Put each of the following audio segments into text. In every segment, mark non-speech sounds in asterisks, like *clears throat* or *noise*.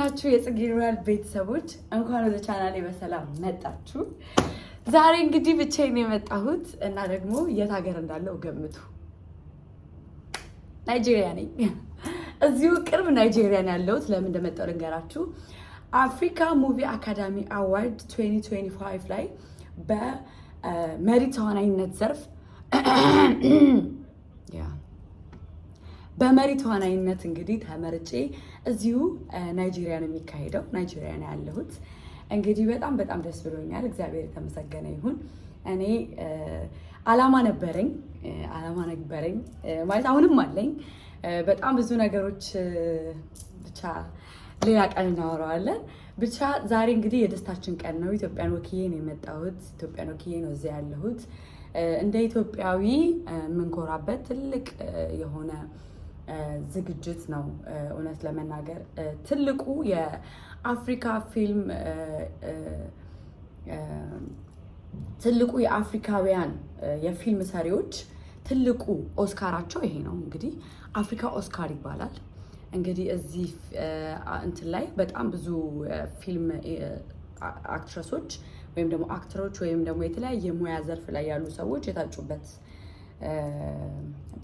ናችሁ የጽጌ ሮያል ቤተሰቦች? እንኳን ወደ ቻናሌ በሰላም መጣችሁ። ዛሬ እንግዲህ ብቻዬን የመጣሁት እና ደግሞ የት ሀገር እንዳለው ገምቱ። ናይጄሪያ ነኝ። እዚሁ ቅርብ ናይጄሪያ ነው ያለሁት። ለምን እንደመጣሁ ልንገራችሁ። አፍሪካ ሙቪ አካዳሚ አዋርድ 2025 ላይ በመሪ ተዋናይነት ዘርፍ *clears throat* በመሪ ተዋናይነት እንግዲህ ተመርጬ እዚሁ ናይጄሪያ ነው የሚካሄደው። ናይጄሪያ ነው ያለሁት። እንግዲህ በጣም በጣም ደስ ብሎኛል። እግዚአብሔር የተመሰገነ ይሁን። እኔ አላማ ነበረኝ አላማ ነበረኝ ማለት አሁንም አለኝ። በጣም ብዙ ነገሮች ብቻ ሌላ ቀን እናወራዋለን። ብቻ ዛሬ እንግዲህ የደስታችን ቀን ነው። ኢትዮጵያን ወክዬ ነው የመጣሁት። ኢትዮጵያን ወክዬ ነው እዚያ ያለሁት። እንደ ኢትዮጵያዊ የምንኮራበት ትልቅ የሆነ ዝግጅት ነው። እውነት ለመናገር ትልቁ የአፍሪካ ፊልም ትልቁ የአፍሪካውያን የፊልም ሰሪዎች ትልቁ ኦስካራቸው ይሄ ነው። እንግዲህ አፍሪካ ኦስካር ይባላል። እንግዲህ እዚህ እንትን ላይ በጣም ብዙ ፊልም አክትረሶች ወይም ደግሞ አክተሮች ወይም ደግሞ የተለያየ ሙያ ዘርፍ ላይ ያሉ ሰዎች የታጩበት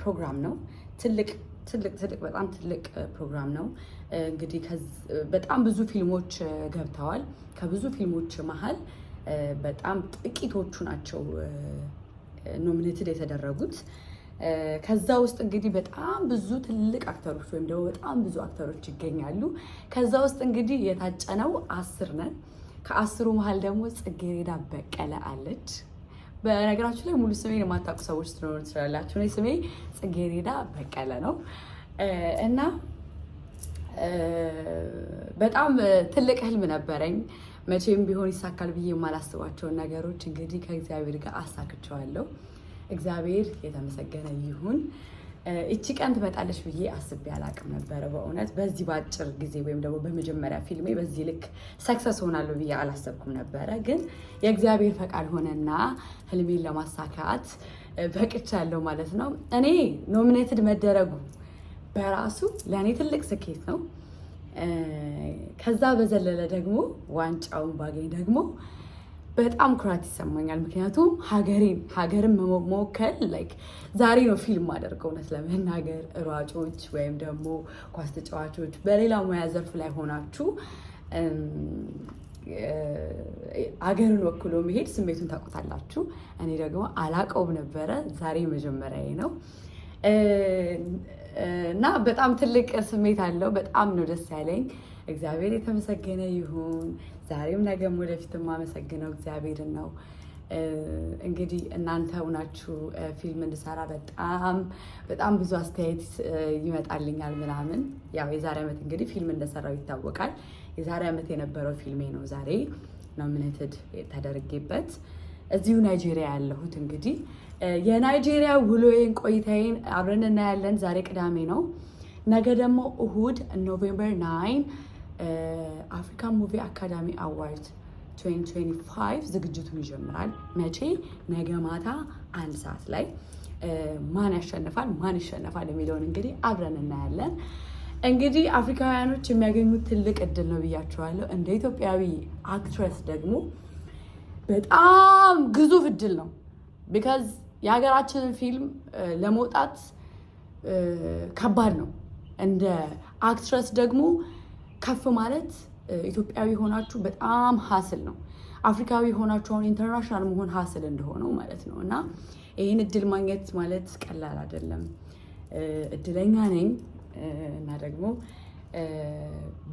ፕሮግራም ነው ትልቅ ትልቅ ትልቅ በጣም ትልቅ ፕሮግራም ነው። እንግዲህ በጣም ብዙ ፊልሞች ገብተዋል። ከብዙ ፊልሞች መሀል በጣም ጥቂቶቹ ናቸው ኖሚኔትድ የተደረጉት። ከዛ ውስጥ እንግዲህ በጣም ብዙ ትልቅ አክተሮች ወይም ደግሞ በጣም ብዙ አክተሮች ይገኛሉ። ከዛ ውስጥ እንግዲህ የታጨነው አስር ነን። ከአስሩ መሀል ደግሞ ጽጌረዳ በቀለ አለች። በነገራችሁ ላይ ሙሉ ስሜን የማታውቁ ሰዎች ትኖሩ ትችላላችሁ። እኔ ስሜ ጽጌሬዳ በቀለ ነው እና በጣም ትልቅ ህልም ነበረኝ። መቼም ቢሆን ይሳካል ብዬ የማላስባቸውን ነገሮች እንግዲህ ከእግዚአብሔር ጋር አሳክቸዋለሁ። እግዚአብሔር የተመሰገነ ይሁን። እቺ ቀን ትመጣለች ብዬ አስቤ አላቅም ነበረ። በእውነት በዚህ በአጭር ጊዜ ወይም ደግሞ በመጀመሪያ ፊልሜ በዚህ ልክ ሰክሰስ ሆናለሁ ብዬ አላሰብኩም ነበረ። ግን የእግዚአብሔር ፈቃድ ሆነና ህልሜን ለማሳካት በቅቻለሁ ማለት ነው። እኔ ኖሚኔትድ መደረጉ በራሱ ለእኔ ትልቅ ስኬት ነው። ከዛ በዘለለ ደግሞ ዋንጫውን ባገኝ ደግሞ በጣም ኩራት ይሰማኛል። ምክንያቱም ሀገሬን ሀገርን መወከል ላይክ ዛሬ ነው ፊልም አደርገው እውነት ለመናገር ሯጮች ወይም ደግሞ ኳስ ተጫዋቾች በሌላ ሙያ ዘርፍ ላይ ሆናችሁ አገርን ወክሎ መሄድ ስሜቱን ታውቁታላችሁ። እኔ ደግሞ አላቀውም ነበረ። ዛሬ መጀመሪያዬ ነው እና በጣም ትልቅ ስሜት አለው። በጣም ነው ደስ ያለኝ። እግዚአብሔር የተመሰገነ ይሁን። ዛሬም ነገም ወደፊት የማመሰግነው እግዚአብሔርን ነው። እንግዲህ እናንተ ሁናችሁ ፊልም እንድሰራ በጣም በጣም ብዙ አስተያየት ይመጣልኛል ምናምን። ያው የዛሬ ዓመት እንግዲህ ፊልም እንደሰራው ይታወቃል። የዛሬ ዓመት የነበረው ፊልሜ ነው ዛሬ ኖሚኔትድ ተደርጌበት እዚሁ ናይጄሪያ ያለሁት እንግዲህ የናይጄሪያ ውሎዬን ቆይታዬን አብረን እናያለን። ዛሬ ቅዳሜ ነው። ነገ ደግሞ እሁድ ኖቬምበር ናይን አፍሪካ ሙቪ አካዳሚ አዋርድ 2025 ዝግጅቱን ይጀምራል። መቼ? ነገ ማታ አንድ ሰዓት ላይ uh, ማን ያሸንፋል፣ ማን ይሸነፋል የሚለውን እንግዲህ አብረን እናያለን። እንግዲህ አፍሪካውያኖች የሚያገኙት ትልቅ እድል ነው ብያቸዋለሁ። እንደ ኢትዮጵያዊ አክትረስ ደግሞ በጣም ግዙፍ እድል ነው። ቢካዝ የሀገራችንን ፊልም uh, ለመውጣት uh, ከባድ ነው። እንደ አክትረስ ደግሞ ከፍ ማለት ኢትዮጵያዊ ሆናችሁ በጣም ሀስል ነው። አፍሪካዊ ሆናችሁ አሁን ኢንተርናሽናል መሆን ሀስል እንደሆነው ማለት ነው እና ይህን እድል ማግኘት ማለት ቀላል አይደለም። እድለኛ ነኝ እና ደግሞ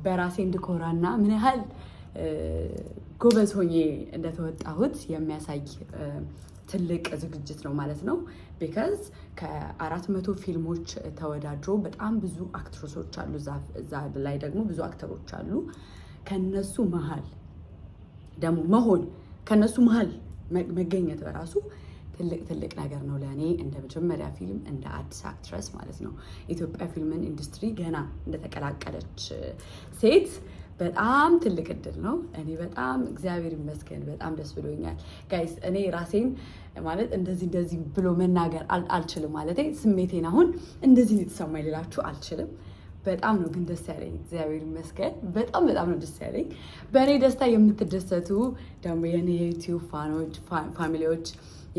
በራሴ እንድኮራና ምን ያህል ጎበዝ ሆኜ እንደተወጣሁት የሚያሳይ ትልቅ ዝግጅት ነው ማለት ነው። ቢካዝ ከአራት መቶ ፊልሞች ተወዳድሮ በጣም ብዙ አክትረሶች አሉ፣ እዛ ላይ ደግሞ ብዙ አክተሮች አሉ። ከነሱ መሀል ደግሞ መሆን ከነሱ መሀል መገኘት በራሱ ትልቅ ትልቅ ነገር ነው ለእኔ እንደ መጀመሪያ ፊልም እንደ አዲስ አክትረስ ማለት ነው። ኢትዮጵያ ፊልምን ኢንዱስትሪ ገና እንደተቀላቀለች ሴት በጣም ትልቅ እድል ነው። እኔ በጣም እግዚአብሔር ይመስገን በጣም ደስ ብሎኛል ጋይስ። እኔ ራሴን ማለት እንደዚህ እንደዚህ ብሎ መናገር አልችልም። ማለት ስሜቴን አሁን እንደዚህ የተሰማኝ ልላችሁ አልችልም። በጣም ነው ግን ደስ ያለኝ እግዚአብሔር ይመስገን። በጣም በጣም ነው ደስ ያለኝ። በእኔ ደስታ የምትደሰቱ ደግሞ የእኔ የዩቲዩብ ፋኖች ፋሚሊዎች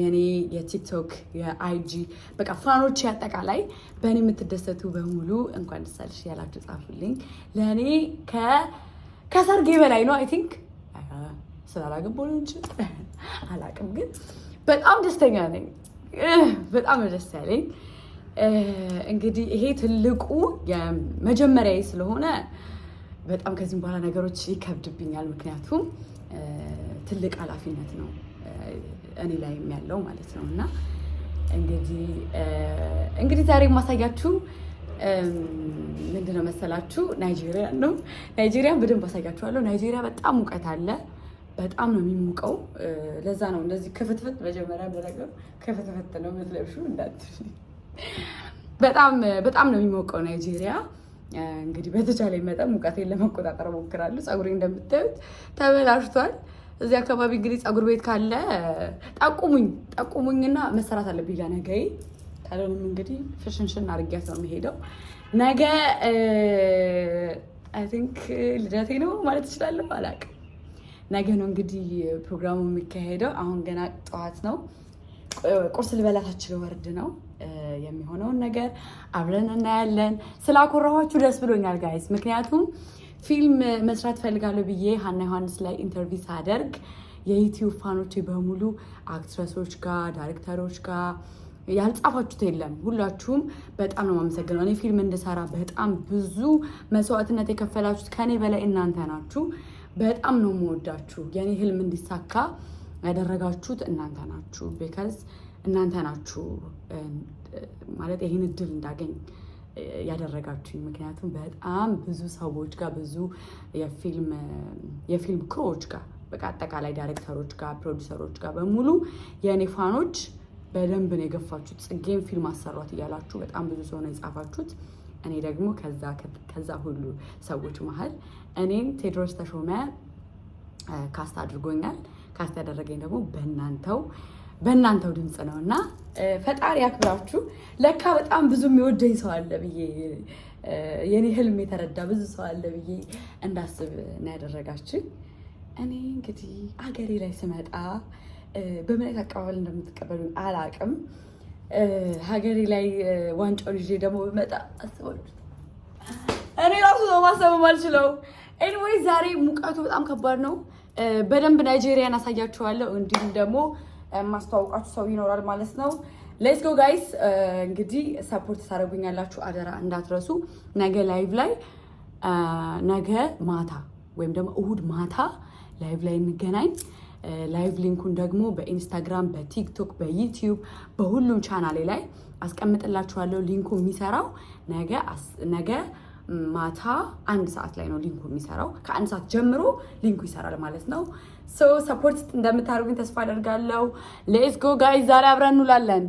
የኔ የቲክቶክ የአይጂ በቃ ፋኖች አጠቃላይ በእኔ የምትደሰቱ በሙሉ እንኳን ደስ አለሽ ያላችሁ ጻፉልኝ። ለእኔ ከ ከሰርጌ በላይ ነው። አይ ቲንክ ስላላገባሁ ሊሆን ይችላል አላቅም፣ ግን በጣም ደስተኛ ነኝ። በጣም ደስ ያለኝ እንግዲህ ይሄ ትልቁ የመጀመሪያ ስለሆነ በጣም ከዚህም በኋላ ነገሮች ይከብድብኛል። ምክንያቱም ትልቅ ኃላፊነት ነው እኔ ላይ ያለው ማለት ነው እና እንግዲህ እንግዲህ ዛሬ የማሳያችሁ ምንድነው መሰላችሁ ናይጄሪያ ነው። ናይጄሪያን በደንብ አሳያችኋለሁ። ናይጄሪያ በጣም ሙቀት አለ። በጣም ነው የሚሞቀው። ለዛ ነው እንደዚህ ክፍትፍት መጀመሪያ በነገሩ ክፍትፍት ነው ምትለብሹ እንዳት በጣም በጣም ነው የሚሞቀው ናይጄሪያ። እንግዲህ በተቻለ መጠን ሙቀቴን ለመቆጣጠር ሞክራለሁ። ፀጉሬ እንደምታዩት ተበላሽቷል። እዚህ አካባቢ እንግዲህ ፀጉር ቤት ካለ ጠቁሙኝ ጠቁሙኝና መሰራት አለብኝ ጋ ካልሆነም እንግዲህ ፍሽንሽን አድርጊያት ነው የሚሄደው። ነገ አይ ቲንክ ልደቴ ነው ማለት እችላለሁ፣ አላውቅም። ነገ ነው እንግዲህ ፕሮግራሙ የሚካሄደው። አሁን ገና ጠዋት ነው። ቁርስ ልበላታችን ወርድ ነው የሚሆነውን ነገር አብረን እናያለን። ስላኮራኋችሁ ደስ ብሎኛል ጋይስ፣ ምክንያቱም ፊልም መስራት ፈልጋለሁ ብዬ ሀና ዮሐንስ ላይ ኢንተርቪው ሳደርግ የዩቲዩብ ፋኖች በሙሉ አክትረሶች ጋር ዳይሬክተሮች ጋር ያልጻፋችሁት የለም። ሁላችሁም በጣም ነው የማመሰግነው። እኔ ፊልም እንድሰራ በጣም ብዙ መስዋዕትነት የከፈላችሁት ከኔ በላይ እናንተ ናችሁ። በጣም ነው የምወዳችሁ። የኔ ህልም እንዲሳካ ያደረጋችሁት እናንተ ናችሁ። ቤከርስ እናንተ ናችሁ ማለት ይህን እድል እንዳገኝ ያደረጋችሁኝ። ምክንያቱም በጣም ብዙ ሰዎች ጋር ብዙ የፊልም ክሮዎች ጋር በቃ አጠቃላይ ዳይሬክተሮች ጋር ፕሮዲሰሮች ጋር በሙሉ የእኔ ፋኖች በደንብ ነው የገፋችሁት። ጽጌን ፊልም አሰሯት እያላችሁ በጣም ብዙ ሰው ነው የጻፋችሁት። እኔ ደግሞ ከዛ ሁሉ ሰዎች መሀል እኔም ቴድሮስ ተሾመ ካስት አድርጎኛል። ካስት ያደረገኝ ደግሞ በእናንተው በእናንተው ድምፅ ነው እና ፈጣሪ ያክብራችሁ። ለካ በጣም ብዙ የሚወደኝ ሰው አለ ብዬ የኔ ህልም የተረዳ ብዙ ሰው አለ ብዬ እንዳስብ ነው ያደረጋችሁ። እኔ እንግዲህ አገሬ ላይ ስመጣ በምን አቀባበል እንደምትቀበሉ አላቅም። ሀገሬ ላይ ዋንጫውን ይዤ ደግሞ ብመጣ አስበሉት። እኔ ራሱ ነው ማሰብ አልችለው። ኤኒዌይ ዛሬ ሙቀቱ በጣም ከባድ ነው። በደንብ ናይጄሪያን አሳያችኋለሁ። እንዲሁም ደግሞ ማስተዋወቃችሁ ሰው ይኖራል ማለት ነው። ሌትስ ጎ ጋይስ። እንግዲህ ሰፖርት ታደርጉኛላችሁ አደራ እንዳትረሱ። ነገ ላይቭ ላይ ነገ ማታ ወይም ደግሞ እሁድ ማታ ላይቭ ላይ እንገናኝ። ላይቭ ሊንኩን ደግሞ በኢንስታግራም፣ በቲክቶክ፣ በዩቲዩብ በሁሉም ቻናሌ ላይ አስቀምጥላችኋለሁ። ሊንኩ የሚሰራው ነገ ማታ አንድ ሰዓት ላይ ነው ሊንኩ የሚሰራው። ከአንድ ሰዓት ጀምሮ ሊንኩ ይሰራል ማለት ነው። ሶ ሰፖርት እንደምታደርጉኝ ተስፋ አደርጋለሁ። ሌትስ ጎ ጋይ፣ ዛሬ አብረን እንውላለን።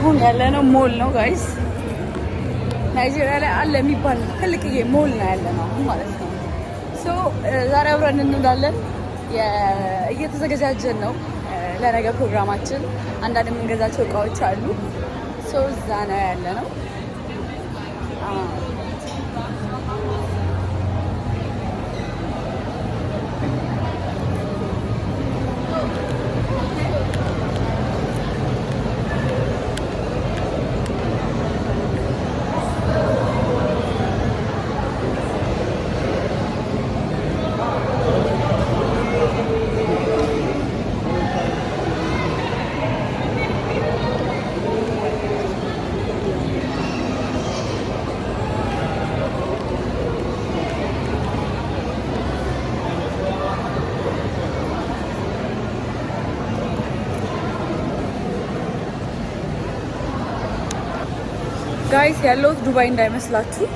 አሁን ያለነው ሞል ነው ጋይስ። ናይጄሪያ ላይ አለ የሚባል ትልቅዬ ሞል ነው ያለነው አሁን ማለት ነው። ዛሬ አብረን እንውላለን። እየተዘገጃጀን ነው ለነገ ፕሮግራማችን። አንዳንድ የምንገዛቸው እቃዎች አሉ። ሶ እዛ ነው ያለነው። ጋይስ ያለሁት ዱባይ እንዳይመስላችሁ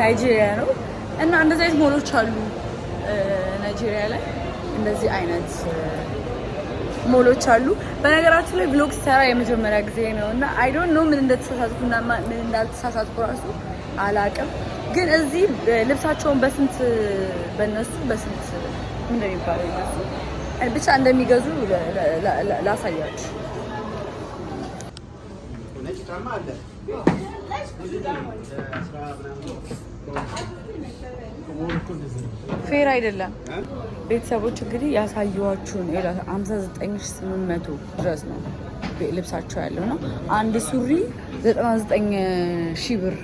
ናይጄሪያ ነው። እና እንደዚህ አይነት ሞሎች አሉ ናይጄሪያ ላይ እንደዚህ አይነት ሞሎች አሉ። በነገራችሁ ላይ ብሎግ ሰራ የመጀመሪያ ጊዜ ነው እና አይ ዶንት ኖ ምን እንደተሳሳትኩ እና ምን እንዳልተሳሳትኩ ራሱ አላቅም። ግን እዚህ ልብሳቸውን በስንት በነሱ በስንት ምን እንደሚባለው ብቻ እንደሚገዙ ላሳያችሁ። ፌር አይደለም። ቤተሰቦች እንግዲህ ያሳየኋችሁን ሀምሳ ዘጠኝ ሺህ ስምንት መቶ ድረስ ነው ልብሳቸው ያለው ነው። አንድ ሱሪ ዘጠና ዘጠኝ ሺህ ብር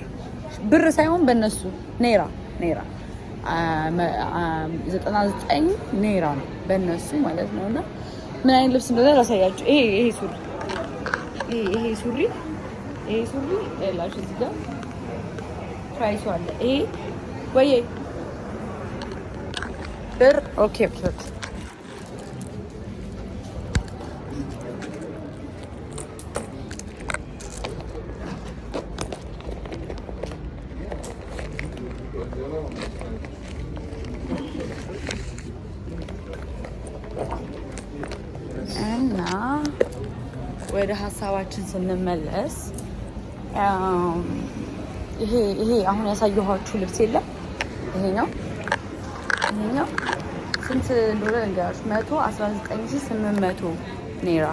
ብር ሳይሆን በእነሱ ኔራ ኔራ ዘጠና ዘጠኝ ኔራ ነው በእነሱ ማለት ነው። እና ምን አይነት ልብስ እንደሆነ ላሳያችሁ። ይሄ ሱሪ ይሄ ሱሪ ይሄ ሱሪ ላሽ እዚህ ጋር ፕራይሱ አለ። ይሄ ወይ ብር ኦኬ ኦኬ እና ወደ ሀሳባችን ስንመለስ ይሄ ይሄ አሁን ያሳየኋችሁ ልብስ የለም። ይሄ ነው ይሄ ነው። ስንት እንደሆነ እንገራችሁ፣ መቶ አስራ ዘጠኝ ሺ ስምንት መቶ ኔራ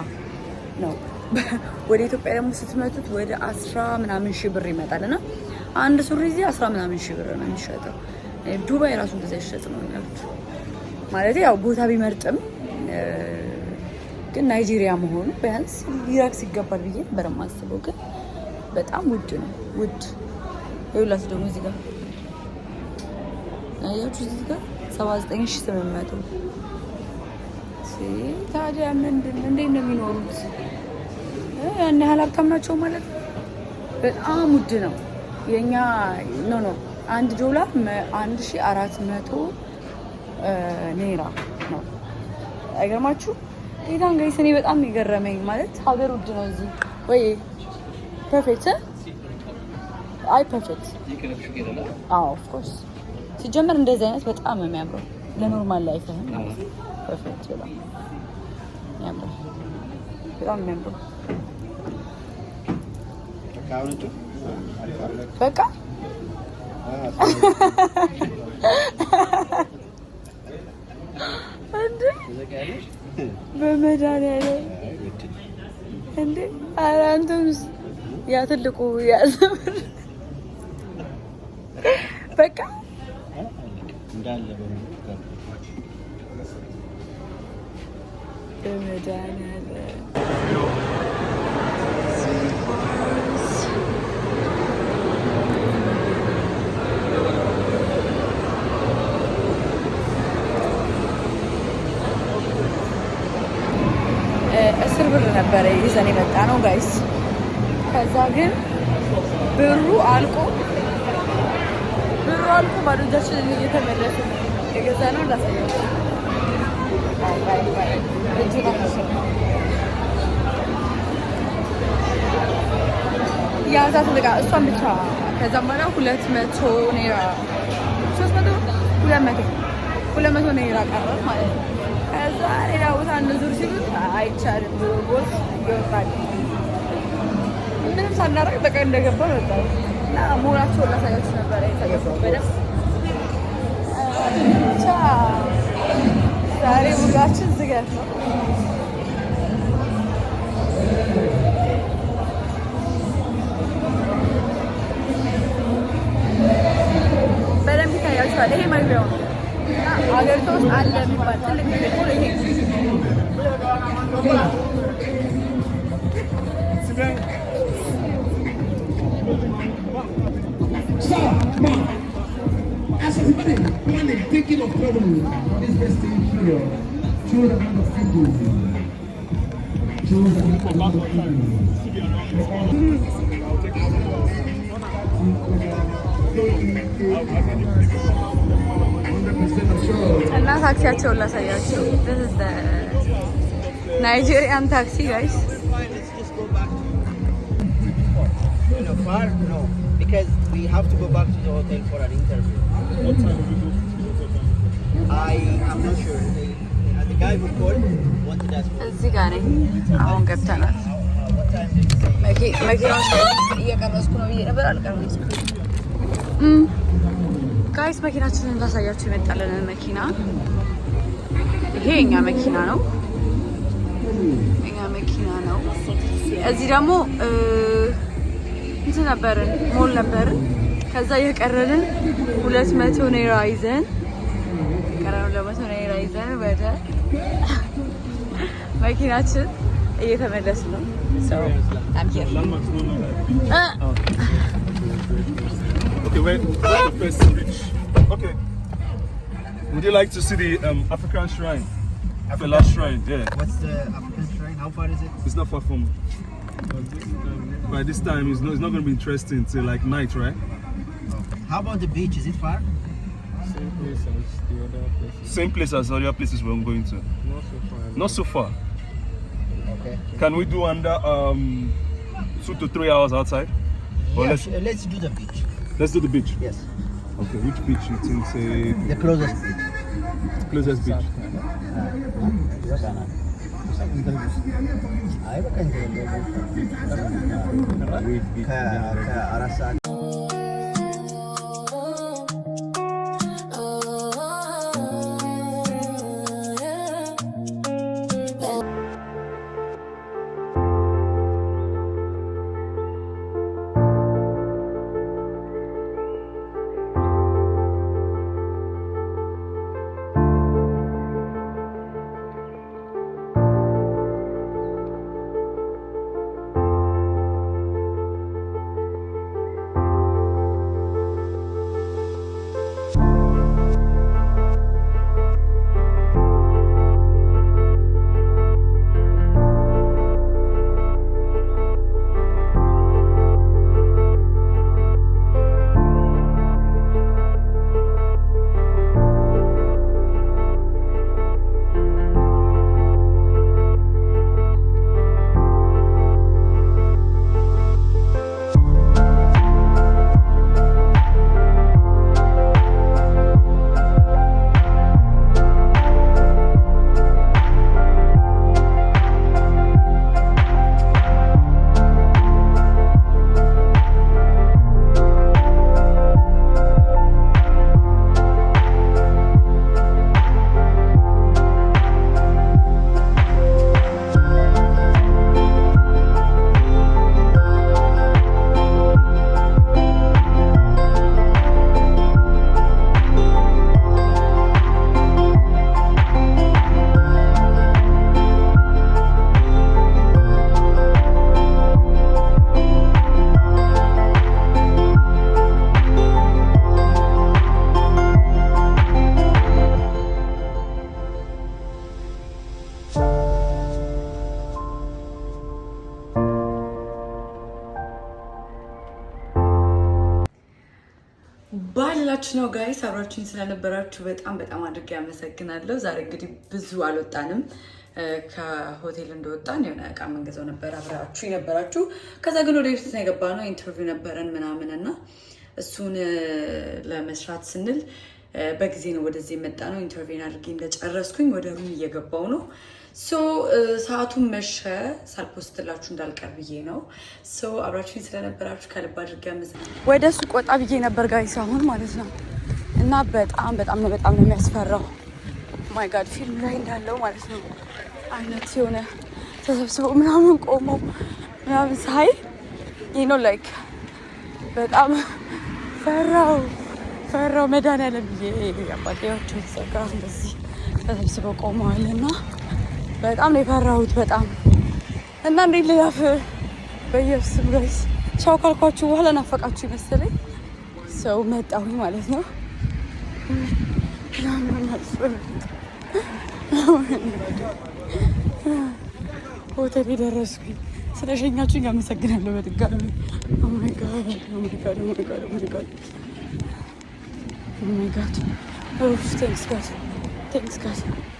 ነው። *laughs* ወደ ኢትዮጵያ ደግሞ ስትመቱት ወደ አስራ ምናምን ሺ ብር ይመጣል እና አንድ ሱሪ እዚህ አስራ ምናምን ሺ ብር ነው የሚሸጠው። ዱባይ ራሱ እንደዚያ ይሸጥ ነው ያሉት። ማለት ያው ቦታ ቢመርጥም ግን ናይጄሪያ መሆኑ ቢያንስ ሊረክስ ይገባል ብዬ ነበር የማስበው ግን በጣም ውድ ነው። ውድ ይውላት ደግሞ እዚህ ጋር አያችሁ፣ እዚህ ጋር ሺህ 79800 ታዲያ ምንድን እንዴት ነው የሚኖሩት? ያን ያህል ሀብታም ናቸው ማለት ነው። በጣም ውድ ነው። የኛ ኖ ኖ አንድ ዶላር 1400 ኔራ ነው። አይገርማችሁ? ኢታን ጋይስ እኔ በጣም የገረመኝ ማለት ሀገር ውድ ነው እዚህ ወይ ፐርፌክት eh? አይ ፐርፌክት አዎ ኦፍኮርስ ሲጀመር እንደዚህ አይነት በጣም የሚያምረው ለኖርማል ላይፍ ይህም ፐርፌክት በጣም የሚያምረው በጣም የሚያምረው በቃ እንዴ በመድኃኒዓለም እንዴ ኧረ ያ ትልቁ ያዘምር በቃ እንዳለ እስር ብር ነበረ ይዘን የመጣ ነው ጋይስ ከዛ ግን ብሩ አልቆ ብሩ አልቆ ባዶ እጃችንን እየተመለሱ የገዛ ነው እንዳሳያቸው ያዛት ልቃ እሷን ብቻ ከዛ በኋላ ሁለት መቶ ኔራ ሶስት መቶ ሁለት መቶ ሁለት መቶ ኔራ ቀረ ማለት ነው። ከዛ ሌላ ቦታ እንዙር ሲሉት አይቻልም ብሎ ቦስ ይወጣል። ምንም ሳናረግ በቃ እንደገባ መጣ እና ሞራቸውን ነበረ ብቻ ዛሬ ውሏችን ዝገት ነው። ይሄ መግቢያው ነው። አገሪቷ ውስጥ አለ የሚባል ትልቅ women, women thinking of traveling is best in here. Children understand this. Children understand And now taxi Chola Sayachi. This is the Nigerian taxi, guys. No, far, no, because we have to go back to the hotel for an interview. እዚህ ጋር አሁን ገብተናል። መኪናዎች እየቀረጽኩ ነው ብዬ ነበር አልቀረጽኩም። ጋይስ መኪናችንን ላሳያችሁ። የመጣልንን መኪና ይሄ የኛ መኪና ነው። የኛ መኪና ነው። እዚህ ደግሞ እንትን ነበርን ሞል ነበርን ከዛ የቀረንን ሁለት መቶ ኔራ ይዘን የቀረንን ሁለት መቶ ኔራ ይዘን ወደ መኪናችን እየተመለስ ነው። Would you like to see the um, African shrine? African shrine, yeah. What's the African shrine? How far is it? It's not far from. By this time, it's not, it's not going to be interesting till like night, right? How about the beach? Is it far? Same place as the other places. Same place as other places we're going to. Not so far. Not so far. Okay. Can we do under um, two to three hours outside? Yes. let's, let's do the beach. Let's do the beach. Yes. Okay, which beach you think say? The closest beach. Closest beach. Which beach? ባላችሁ ነው ጋይስ። አብራችሁኝ ስለነበራችሁ በጣም በጣም አድርጌ አመሰግናለሁ። ዛሬ እንግዲህ ብዙ አልወጣንም። ከሆቴል እንደወጣን የሆነ እቃ መንገዘው ነበር አብራችሁ የነበራችሁ። ከዛ ግን ወደ ቤት ነው ኢንተርቪው ነበረን ምናምን እና እሱን ለመስራት ስንል በጊዜ ነው ወደዚህ የመጣ ነው። ኢንተርቪውን አድርጌ እንደጨረስኩኝ ወደ ሩም እየገባው ነው ሶ ሰዓቱን መሸ። ሳልፖስትላችሁ እንዳልቀር ብዬ ነው። ሶ አብራችሁኝ ስለነበራችሁ ከልብ አድርጌ ወደ ሱቅ ወጣ ብዬ ነበር ጋይስ፣ አሁን ማለት ነው እና በጣም በጣም ነው በጣም ነው የሚያስፈራው። ማይ ጋድ ፊልም ላይ እንዳለው ማለት ነው አይነት የሆነ ተሰብስበው ምናምን ቆመው ምናምን ሳይ ይህ ነው ላይክ በጣም ፈራው ፈራው መድኃኒዓለም ብዬ አባቴዎች ተሰጋ እንደዚህ ተሰብስበው ቆመዋል እና በጣም ነው የፈራሁት። በጣም እና እንዴ ለያፈ በየብስ ጋይስ ቻው ካልኳችሁ በኋላ ናፈቃችሁ ይመስለኝ ሰው መጣሁ ማለት ነው። ሆቴል የደረስኩኝ ስለሸኛችሁኝ አመሰግናለሁ በድጋሚ። ቴንክስ ጋድ ቴንክስ ጋድ